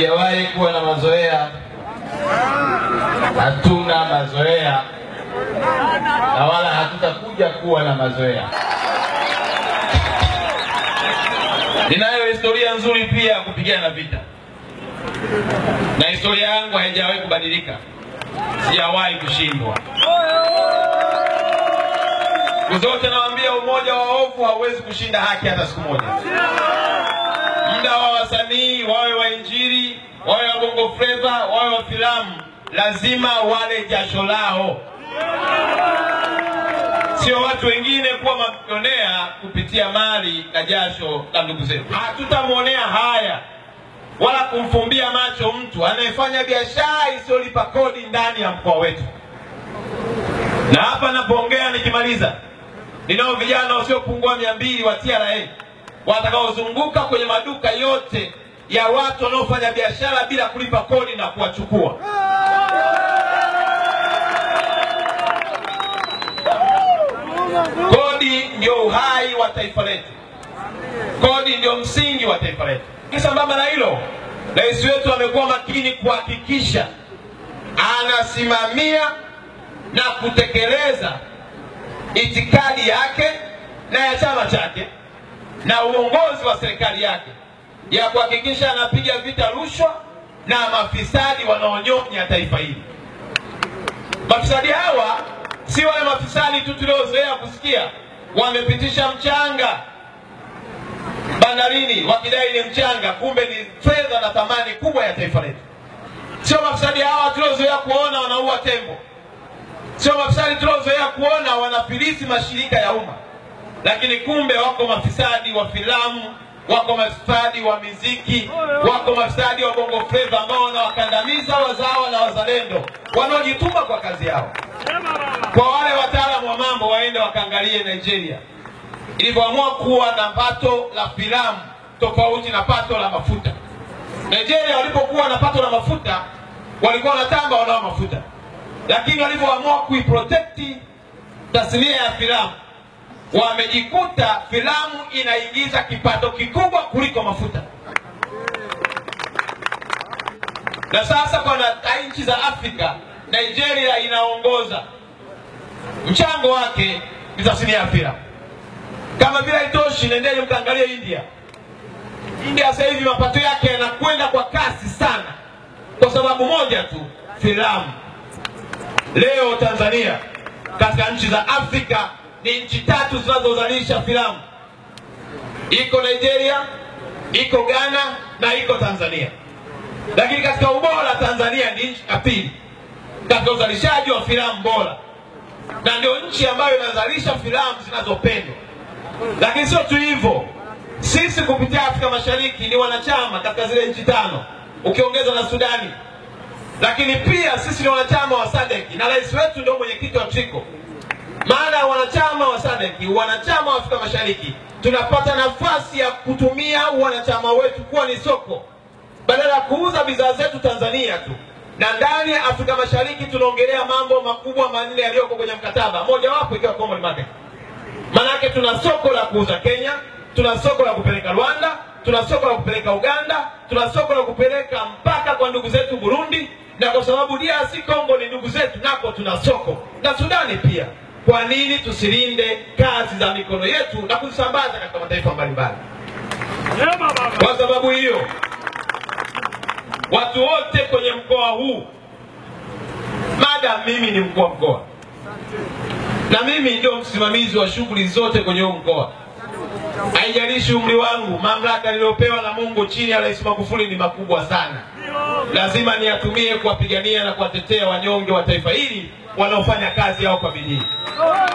hatujawahi kuwa na mazoea, hatuna mazoea na wala hatutakuja kuwa na mazoea. Ninayo historia nzuri pia ya kupigana vita, na historia yangu haijawahi kubadilika, sijawahi kushindwa. Siku zote nawaambia, umoja wa hofu hauwezi kushinda haki hata siku moja hata hawa wasanii wawe wa injili, wawe wa bongo fleva, wawe wa filamu, lazima wale jasho lao, sio watu wengine kuwa mamilionea kupitia mali na jasho la ndugu zetu. Hatutamwonea haya wala kumfumbia macho mtu anayefanya biashara isiyolipa kodi ndani ya mkoa wetu. Na hapa napoongea nikimaliza, ninao vijana wasiopungua mia mbili wa TRA watakaozunguka kwenye maduka yote ya watu wanaofanya biashara bila kulipa kodi na kuwachukua. Kodi ndio uhai wa taifa letu, kodi ndio msingi wa taifa letu. Sambamba na hilo, rais wetu amekuwa makini kuhakikisha anasimamia na kutekeleza itikadi yake na ya chama chake na uongozi wa serikali yake ya kuhakikisha anapiga vita rushwa na mafisadi wanaonyonya taifa hili. Mafisadi hawa si wale mafisadi tu tuliozoea kusikia wamepitisha mchanga bandarini wakidai ni mchanga, kumbe ni fedha na thamani kubwa ya taifa letu. Sio mafisadi hawa tuliozoea kuona wanaua tembo, sio mafisadi tuliozoea kuona wanafilisi mashirika ya umma lakini kumbe wako mafisadi wa filamu, wako mafisadi wa miziki, wako mafisadi wa bongo fleva ambao wanawakandamiza wazawa na wazalendo wanaojituma kwa kazi yao. Kwa wale wataalamu wa mambo waende wakaangalie Nigeria ilivyoamua kuwa na pato la filamu tofauti na pato la mafuta. Nigeria walipokuwa na pato la mafuta walikuwa wanatamba wanao mafuta, lakini walivyoamua kuiprotekti tasnia ya filamu wamejikuta filamu inaingiza kipato kikubwa kuliko mafuta. Na sasa kwa nchi za Afrika, Nigeria inaongoza mchango wake ni tasnia ya filamu. Kama vile haitoshi, nendeni mkaangalia India. India sasa hivi mapato yake yanakwenda kwa kasi sana, kwa sababu moja tu, filamu. Leo Tanzania katika nchi za Afrika ni nchi tatu zinazozalisha filamu, iko Nigeria, iko Ghana na iko Tanzania. Lakini katika ubora Tanzania ni nchi ya pili katika uzalishaji wa filamu bora, na ndio nchi ambayo inazalisha filamu zinazopendwa. Lakini sio tu hivyo, sisi kupitia Afrika Mashariki ni wanachama katika zile nchi tano ukiongeza na Sudani, lakini pia sisi ni wanachama wa SADC na rais wetu ndio mwenyekiti wa TRICO. Maana wanachama wa SADC, wanachama wa Afrika Mashariki, tunapata nafasi ya kutumia wanachama wetu kuwa ni soko, badala ya kuuza bidhaa zetu Tanzania tu. Na ndani ya Afrika Mashariki tunaongelea mambo makubwa manne yaliyoko kwenye mkataba, mojawapo ikiwa common market. Maanake tuna soko la kuuza Kenya, tuna soko la kupeleka Rwanda, tuna soko la kupeleka Uganda, tuna soko la kupeleka mpaka kwa ndugu zetu Burundi, na kwa sababu DRC Congo ni ndugu zetu, nako tuna soko na Sudani pia. Kwa nini tusilinde kazi za mikono yetu na kuzisambaza katika mataifa mbalimbali? Kwa sababu hiyo, watu wote kwenye mkoa huu, madam mimi ni mkuu wa mkoa na mimi ndio msimamizi wa shughuli zote kwenye huu mkoa, haijalishi umri wangu. Mamlaka niliyopewa na Mungu chini ya Rais Magufuli ni makubwa sana, lazima niyatumie kuwapigania na kuwatetea wanyonge wa taifa hili wanaofanya kazi yao kwa bidii. Oh!